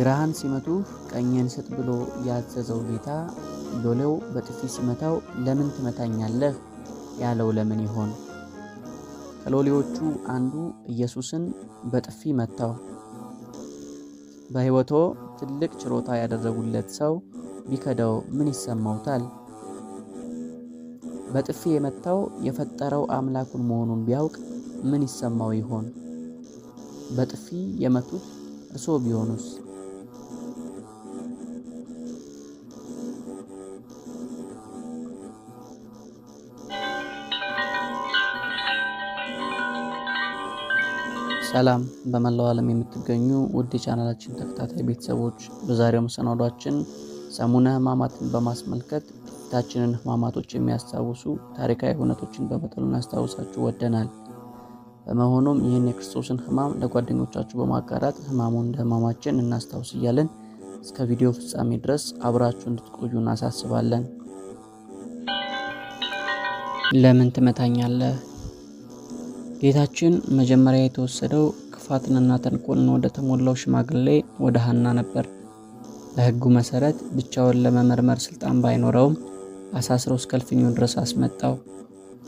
ግራህን ሲመቱህ ቀኝን ስጥ ብሎ ያዘዘው ጌታ ሎሌው በጥፊ ሲመታው ለምን ትመታኛለህ ያለው ለምን ይሆን? ከሎሌዎቹ አንዱ ኢየሱስን በጥፊ መታው። በሕይወቶ ትልቅ ችሮታ ያደረጉለት ሰው ቢከዳው ምን ይሰማውታል? በጥፊ የመታው የፈጠረው አምላኩን መሆኑን ቢያውቅ ምን ይሰማው ይሆን? በጥፊ የመቱት እርሶ ቢሆኑስ? ሰላም በመላው ዓለም የምትገኙ ውድ የቻናላችን ተከታታይ ቤተሰቦች፣ በዛሬው መሰናዷችን ሰሙነ ህማማትን በማስመልከት ታችንን ህማማቶች የሚያስታውሱ ታሪካዊ ሁነቶችን በመጠኑ እናስታውሳችሁ ወደናል። በመሆኑም ይህን የክርስቶስን ህማም ለጓደኞቻችሁ በማጋራት ህማሙን እንደ ህማማችን እናስታውስ እያለን እስከ ቪዲዮ ፍጻሜ ድረስ አብራችሁ እንድትቆዩ እናሳስባለን። ለምን ትመታኛለህ ጌታችን መጀመሪያ የተወሰደው ክፋትንና ተንኮልን ወደ ተሞላው ሽማግሌ ወደ ሀና ነበር። በህጉ መሰረት ብቻውን ለመመርመር ስልጣን ባይኖረውም አሳስሮ እስከ እልፍኙ ድረስ አስመጣው።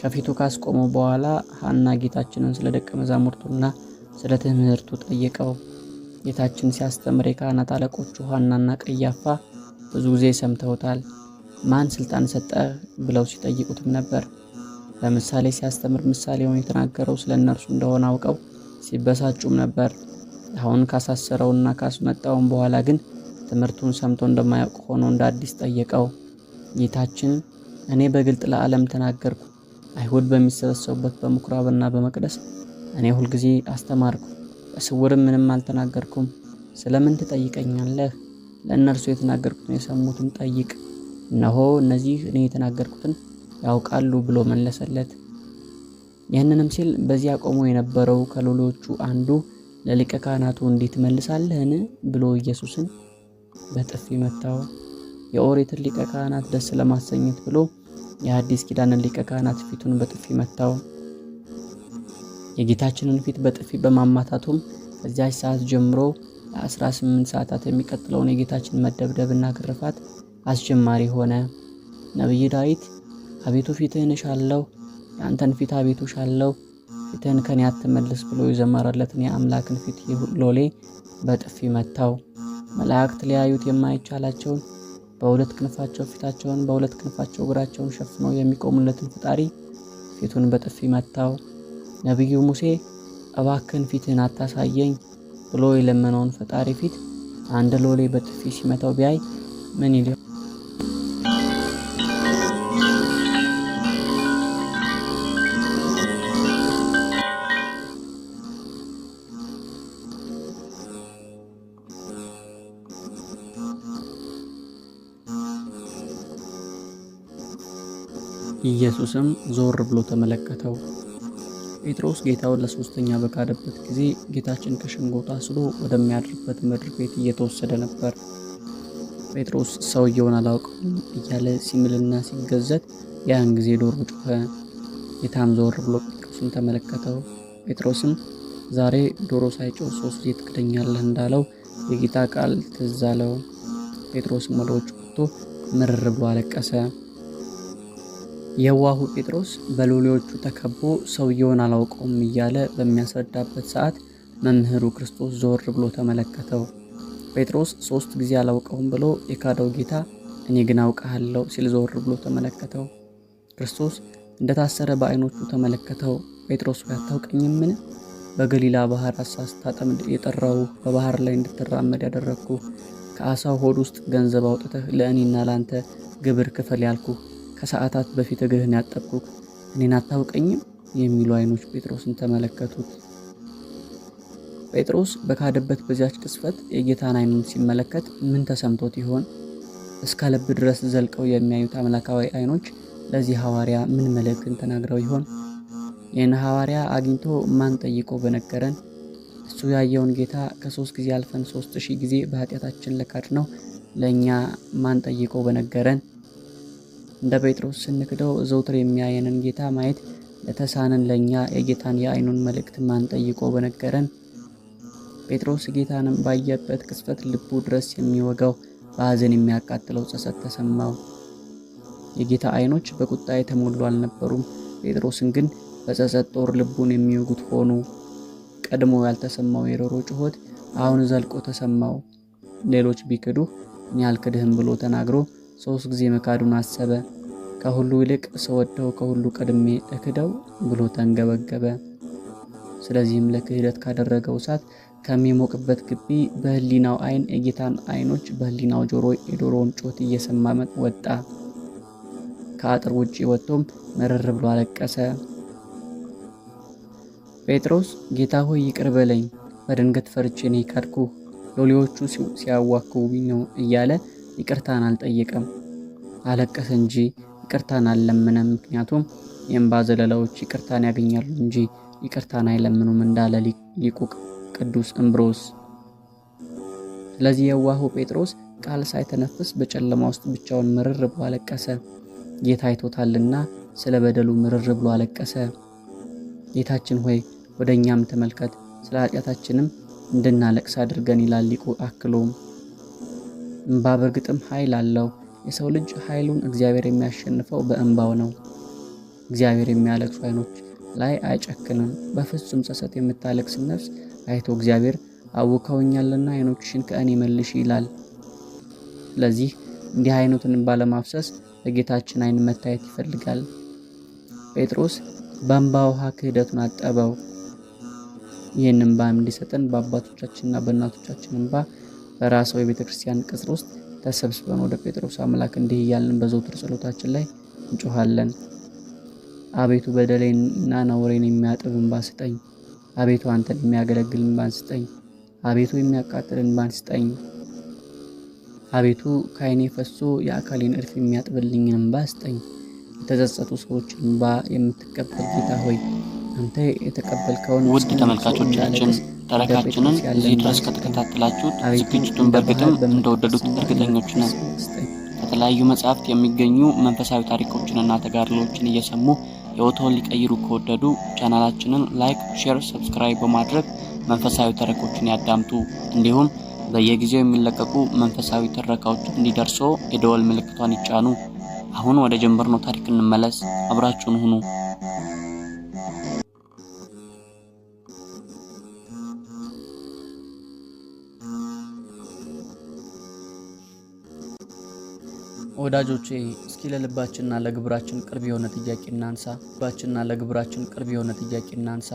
ከፊቱ ካስቆመው በኋላ ሀና ጌታችንን ስለ ደቀ መዛሙርቱና ስለ ትምህርቱ ጠየቀው። ጌታችን ሲያስተምር የካህናት አለቆቹ ሀናና ቀያፋ ብዙ ጊዜ ሰምተውታል። ማን ስልጣን ሰጠ ብለው ሲጠይቁትም ነበር። በምሳሌ ሲያስተምር ምሳሌውን የተናገረው ስለ እነርሱ እንደሆነ አውቀው ሲበሳጩም ነበር። አሁን ካሳሰረውና ካስመጣውም በኋላ ግን ትምህርቱን ሰምቶ እንደማያውቅ ሆኖ እንደ አዲስ ጠየቀው። ጌታችን እኔ በግልጥ ለዓለም ተናገርኩ፣ አይሁድ በሚሰበሰቡበት በምኩራብና በመቅደስ እኔ ሁልጊዜ አስተማርኩ፣ በስውርም ምንም አልተናገርኩም። ስለምን ትጠይቀኛለህ? ለእነርሱ የተናገርኩትን የሰሙትን ጠይቅ። እነሆ እነዚህ እኔ የተናገርኩትን ያውቃሉ ብሎ መለሰለት። ያንንም ሲል በዚያ ቆሞ የነበረው ከሎሎቹ አንዱ ለሊቀ ካህናቱ እንዴት መልሳለህን ብሎ ኢየሱስን በጥፊ መታው። የኦሪትን ሊቀ ካህናት ደስ ለማሰኘት ብሎ የአዲስ ኪዳንን ሊቀ ካህናት ፊቱን በጥፊ መታው። የጌታችንን ፊት በጥፊ በማማታቱም ከዚያች ሰዓት ጀምሮ ለ18 ሰዓታት የሚቀጥለውን የጌታችን መደብደብና ግርፋት አስጀማሪ ሆነ። ነቢይ ዳዊት አቤቱ ፊትህን እሻለሁ፣ የአንተን ፊት አቤቱ እሻለሁ፣ ፊትህን ከኔ አትመልስ ብሎ የዘመረለትን የአምላክን ፊት ሎሌ በጥፊ መታው። መላእክት ሊያዩት የማይቻላቸውን በሁለት ክንፋቸው ፊታቸውን በሁለት ክንፋቸው እግራቸውን ሸፍነው የሚቆሙለትን ፈጣሪ ፊቱን በጥፊ መታው። ነቢዩ ሙሴ እባክን ፊትህን አታሳየኝ ብሎ የለመነውን ፈጣሪ ፊት አንድ ሎሌ በጥፊ ሲመታው ቢያይ ምን ይል? ኢየሱስም ዞር ብሎ ተመለከተው። ጴጥሮስ ጌታውን ለሶስተኛ በካደበት ጊዜ ጌታችን ከሸንጎ ታስሮ ወደሚያድርበት ምድር ቤት እየተወሰደ ነበር። ጴጥሮስ ሰውየውን አላውቀውም እያለ ሲምልና ሲገዘት ያን ጊዜ ዶሮ ጮኸ። ጌታም ዞር ብሎ ጴጥሮስን ተመለከተው። ጴጥሮስም ዛሬ ዶሮ ሳይጮህ ሶስት ጊዜ ትክደኛለህ እንዳለው የጌታ ቃል ትዝ አለው። ጴጥሮስም ወደ ውጭ ወጥቶ ምርር ብሎ አለቀሰ። የዋሁ ጴጥሮስ በሎሌዎቹ ተከቦ ሰውየውን አላውቀውም እያለ በሚያስረዳበት ሰዓት መምህሩ ክርስቶስ ዞር ብሎ ተመለከተው። ጴጥሮስ ሶስት ጊዜ አላውቀውም ብሎ የካደው ጌታ እኔ ግን አውቃለሁ ሲል ዞር ብሎ ተመለከተው። ክርስቶስ እንደታሰረ በዓይኖቹ ተመለከተው። ጴጥሮስ ሆይ ምን በገሊላ ባህር አሳ ስታጠምድ የጠራው በባህር ላይ እንድትራመድ ያደረግኩ ከአሳው ሆድ ውስጥ ገንዘብ አውጥተህ ለእኔና ላንተ ግብር ክፈል ያልኩ ከሰዓታት በፊት እግርህን ያጠብኩት እኔን አታውቀኝም የሚሉ አይኖች ጴጥሮስን ተመለከቱት። ጴጥሮስ በካደበት በዚያች ቅስፈት የጌታን አይኖች ሲመለከት ምን ተሰምቶት ይሆን? እስከ ልብ ድረስ ዘልቀው የሚያዩት አምላካዊ አይኖች ለዚህ ሐዋርያ ምን መልእክትን ተናግረው ይሆን? ይህን ሐዋርያ አግኝቶ ማን ጠይቆ በነገረን? እሱ ያየውን ጌታ ከሶስት ጊዜ አልፈን ሶስት ሺህ ጊዜ በኃጢአታችን ለካድ ነው ለእኛ ማን ጠይቆ በነገረን? እንደ ጴጥሮስ ስንክደው ዘውትር የሚያየንን ጌታ ማየት ለተሳነን ለእኛ የጌታን የአይኑን መልእክት ማን ጠይቆ በነገረን። ጴጥሮስ ጌታንም ባየበት ቅጽበት ልቡ ድረስ የሚወጋው በሐዘን የሚያቃጥለው ጸጸት ተሰማው። የጌታ አይኖች በቁጣ የተሞሉ አልነበሩም። ጴጥሮስን ግን በጸጸት ጦር ልቡን የሚወጉት ሆኑ። ቀድሞ ያልተሰማው የዶሮ ጩኸት አሁን ዘልቆ ተሰማው። ሌሎች ቢክዱህ እኔ አልክድህም ብሎ ተናግሮ ሦስት ጊዜ መካዱን አሰበ። ከሁሉ ይልቅ ስወደው ከሁሉ ቀድሜ እክደው ብሎ ተንገበገበ። ስለዚህም ለክህደት ካደረገው እሳት ከሚሞቅበት ግቢ በህሊናው አይን የጌታን አይኖች በህሊናው ጆሮ የዶሮውን ጮት እየሰማ ወጣ። ከአጥር ውጭ ወጥቶም መረር ብሎ አለቀሰ። ጴጥሮስ ጌታ ሆይ ይቅር በለኝ፣ በድንገት ፈርቼ ነው የካድኩህ፣ ሎሌዎቹ ሲያዋክቡኝ ነው እያለ ይቅርታን አልጠየቀም። አለቀሰ እንጂ ይቅርታን አልለምነም። ምክንያቱም የእንባ ዘለላዎች ይቅርታን ያገኛሉ እንጂ ይቅርታን አይለምኑም እንዳለ ሊቁ ቅዱስ እምብሮስ። ስለዚህ የዋሁ ጴጥሮስ ቃል ሳይተነፍስ በጨለማ ውስጥ ብቻውን ምርር ብሎ አለቀሰ። ጌታ አይቶታልና ስለ በደሉ ምርር ብሎ አለቀሰ። ጌታችን ሆይ ወደ እኛም ተመልከት፣ ስለ ኃጢአታችንም እንድናለቅስ አድርገን ይላል ሊቁ አክሎም እንባ በእርግጥም ኃይል አለው። የሰው ልጅ ኃይሉን እግዚአብሔር የሚያሸንፈው በእንባው ነው። እግዚአብሔር የሚያለቅሱ አይኖች ላይ አይጨክንም። በፍጹም ጸጸት የምታለቅስ ነፍስ አይቶ እግዚአብሔር አውከውኛልና አይኖችሽን ከእኔ መልሽ ይላል። ስለዚህ እንዲህ አይነቱን እንባ ለማፍሰስ በጌታችን አይን መታየት ይፈልጋል። ጴጥሮስ በእንባ ውሃ ክህደቱን አጠበው። ይህን እንባ እንዲሰጠን በአባቶቻችንና በእናቶቻችን እንባ በራስዎ የቤተ ክርስቲያን ቅጽር ውስጥ ተሰብስበን ወደ ጴጥሮስ አምላክ እንዲህ እያልን በዘውትር ጸሎታችን ላይ እንጮኋለን። አቤቱ በደሌንና ነውሬን የሚያጥብ እንባ ስጠኝ። አቤቱ አንተን የሚያገለግል እንባን ስጠኝ። አቤቱ የሚያቃጥል እንባን ስጠኝ። አቤቱ ከዓይኔ ፈሶ የአካሌን እርፍ የሚያጥብልኝን እንባ ስጠኝ። የተጸጸቱ ሰዎችን እንባ የምትቀበል ጌታ ሆይ ውድ ተመልካቾቻችን ተረካችንን እዚህ ድረስ ከተከታተላችሁት ዝግጅቱን በእርግጥም እንደወደዱት እርግጠኞች ነን። ከተለያዩ መጽሐፍት የሚገኙ መንፈሳዊ ታሪኮችንና ተጋድሎዎችን እየሰሙ ሕይወትዎን ሊቀይሩ ከወደዱ ቻናላችንን ላይክ፣ ሼር፣ ሰብስክራይብ በማድረግ መንፈሳዊ ተረኮችን ያዳምጡ። እንዲሁም በየጊዜው የሚለቀቁ መንፈሳዊ ትረካዎች እንዲደርሶ የደወል ምልክቷን ይጫኑ። አሁን ወደ ጀመርነው ታሪክ እንመለስ። አብራችሁን ሁኑ። ወዳጆቼ እስኪ ለልባችንና ለግብራችን ቅርብ የሆነ ጥያቄ እናንሳ። ልባችንና ለግብራችን ቅርብ የሆነ ጥያቄ እናንሳ።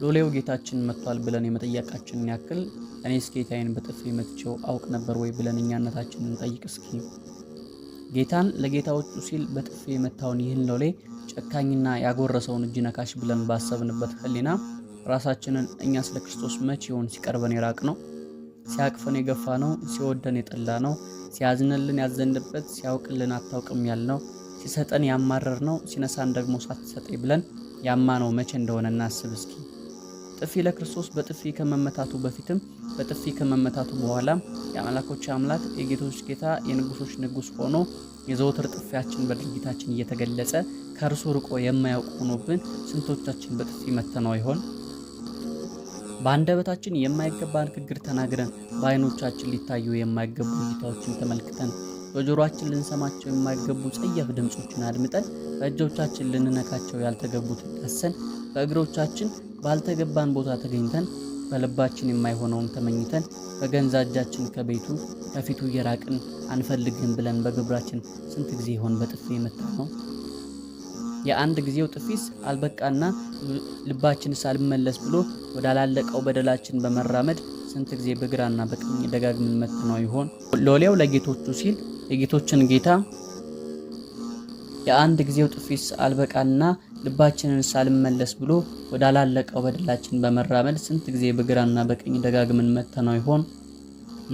ሎሌው ጌታችን መጥቷል ብለን የመጠየቃችንን ያክል እኔስ ጌታዬን በጥፊ መትቼው አውቅ ነበር ወይ ብለን እኛነታችንን እንጠይቅ እስኪ። ጌታን ለጌታዎቹ ሲል በጥፊ የመታውን ይህን ሎሌ ጨካኝና ያጎረሰውን እጅ ነካሽ ብለን ባሰብንበት ሕሊና ራሳችንን ስለ ክርስቶስ መቼ ይሆን ሲቀርበን የራቅ ነው? ሲያቅፈን የገፋ ነው፣ ሲወደን የጠላ ነው፣ ሲያዝንልን ያዘንበት፣ ሲያውቅልን አታውቅም ያልነው፣ ሲሰጠን ያማረር ነው፣ ሲነሳን ደግሞ ሳትሰጠኝ ብለን ያማ ነው መቼ እንደሆነ እናስብ እስኪ። ጥፊ ለክርስቶስ በጥፊ ከመመታቱ በፊትም በጥፊ ከመመታቱ በኋላም የአምላኮች አምላክ የጌቶች ጌታ የንጉሶች ንጉስ ሆኖ የዘወትር ጥፊያችን በድርጊታችን እየተገለጸ ከእርሱ ርቆ የማያውቅ ሆኖብን ስንቶቻችን በጥፊ መተነው ይሆን? በአንደበታችን የማይገባ ንግግር ተናግረን በአይኖቻችን ሊታዩ የማይገቡ እይታዎችን ተመልክተን በጆሮአችን ልንሰማቸው የማይገቡ ጸያፍ ድምፆችን አድምጠን በእጆቻችን ልንነካቸው ያልተገቡትን ዳሰን በእግሮቻችን ባልተገባን ቦታ ተገኝተን በልባችን የማይሆነውን ተመኝተን በገንዛ እጃችን ከቤቱ ከፊቱ እየራቅን አንፈልግም ብለን በግብራችን ስንት ጊዜ ይሆን በጥፊ የመታ ነው? የአንድ ጊዜው ጥፊስ አልበቃና ልባችን ሳልመለስ ብሎ ወዳላለቀው በደላችን በመራመድ ስንት ጊዜ በግራና በቀኝ ደጋግመን መትነው ይሆን? ሎሌው ለጌቶቹ ሲል የጌቶችን ጌታ የአንድ ጊዜው ጥፊስ አልበቃና ልባችንን ሳልመለስ ብሎ ወዳላለቀው በደላችን በመራመድ ስንት ጊዜ በግራና በቀኝ ደጋግመን መተነው ይሆን?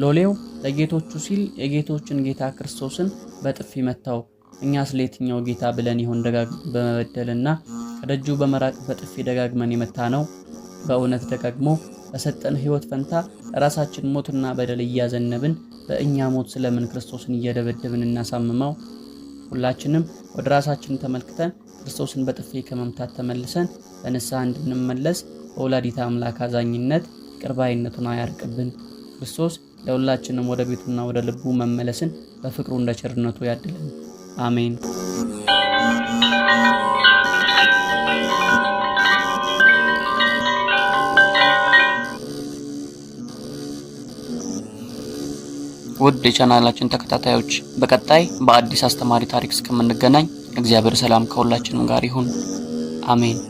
ሎሌው ለጌቶቹ ሲል የጌቶችን ጌታ ክርስቶስን በጥፊ መታው። እኛ ስለ የትኛው ጌታ ብለን ይሆን ደጋግ በመበደልና ከደጁ በመራቅ በጥፊ ደጋግመን የመታ ነው? በእውነት ደጋግሞ በሰጠን ሕይወት ፈንታ ራሳችን ሞትና በደል እያዘነብን በእኛ ሞት ስለምን ክርስቶስን እየደበደብን እናሳምመው? ሁላችንም ወደ ራሳችን ተመልክተን ክርስቶስን በጥፊ ከመምታት ተመልሰን በንስሐ እንድንመለስ በወላዲተ አምላክ አዛኝነት ቅርባይነቱን አያርቅብን። ክርስቶስ ለሁላችንም ወደ ቤቱና ወደ ልቡ መመለስን በፍቅሩ እንደ ቸርነቱ ያድልን። አሜን። ውድ የቻናላችን ተከታታዮች በቀጣይ በአዲስ አስተማሪ ታሪክ እስከምንገናኝ እግዚአብሔር ሰላም ከሁላችንም ጋር ይሁን። አሜን።